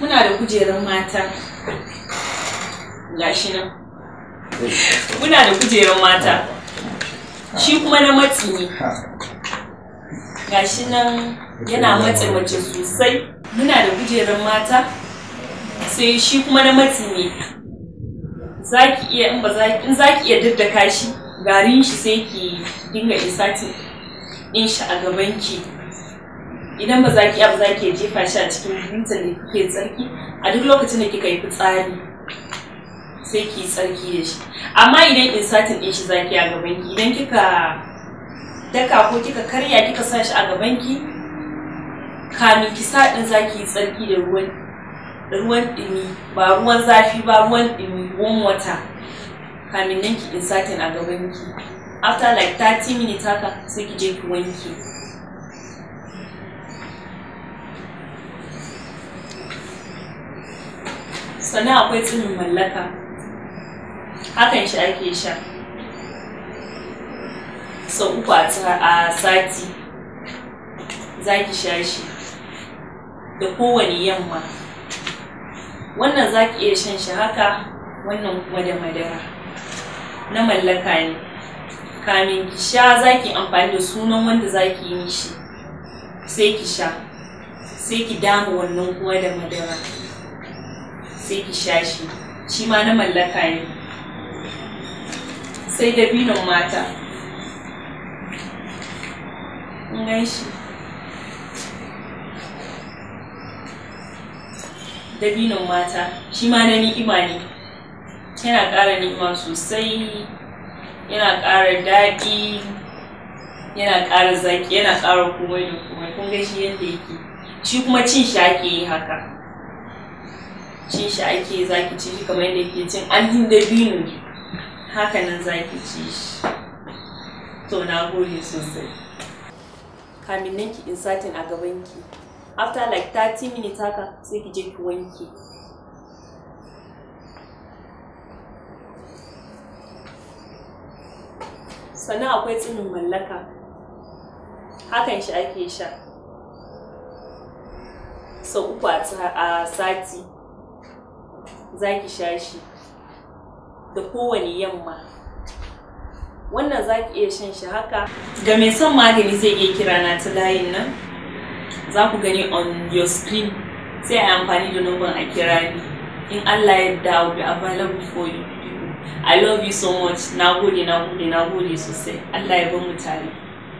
muna da kujerar mata gashi nan muna da kujerar mata shi kuma na matsi ne gashi nan yana matse mace sosai muna da kujerar mata sai shi kuma na matsi ne zaki iya in ba zaki in zaki iya daddaka shi garin shi sai ki dinga isatin din shi a gaban ki idan ba za ki ba za ki jefa shi a cikin halittar da kuke tsarki a duk lokacin da kika yi fitsari sai ki tsarki da shi amma idan insatin ɗin shi za ki a gaban ki idan kika daka ko kika karya kika sa shi a gaban ki kamin ki sa ɗin za ki yi tsarki da ruwan ruwan ɗumi ba ruwan zafi ba ruwan ɗumi warm water kamin nan ki insatin a gaban ki after like 30 minutes haka sai ki je ki wanke sannan akwai tsinin mallaka hakan shi ake sha sau uku a sati za ki sha shi da kowane yamma wannan za ki iya shan shi haka wannan kuma da madara na mallaka ne kamin ki sha za ki amfani da sunan wanda za ki yi shi sai ki sha sai ki dama wannan kuma da madara sai ki sha shi shi ma na mallaka ne sai dabinon mata in gan shi dabinon mata shi ma na ni'ima ne yana ƙara ni'ima sosai yana ƙara daɗi yana ƙara zaƙi yana ƙara komai da komai kun ga shi yadda yake shi kuma cin shi yi haka ci shi ake zaki ci shi kamar yadda ke cin alhin dabino haka nan zaki ci shi to na gode sosai kamin nan ki insatin a gaban ki after like 30 minutes haka sai ki je ki wanke sannan akwai tsinin mallaka hakan shi ake sha sau uku a sati za ki sha shi da kowane yamma wannan za ki iya shan shi haka ga mai son magani zai iya kira na ta layin nan za ku gani on your screen sai a yi amfani da numban a kira ni in allah ya dawo be available for you i love you so much na gode na gode na gode sosai allah ya mu tare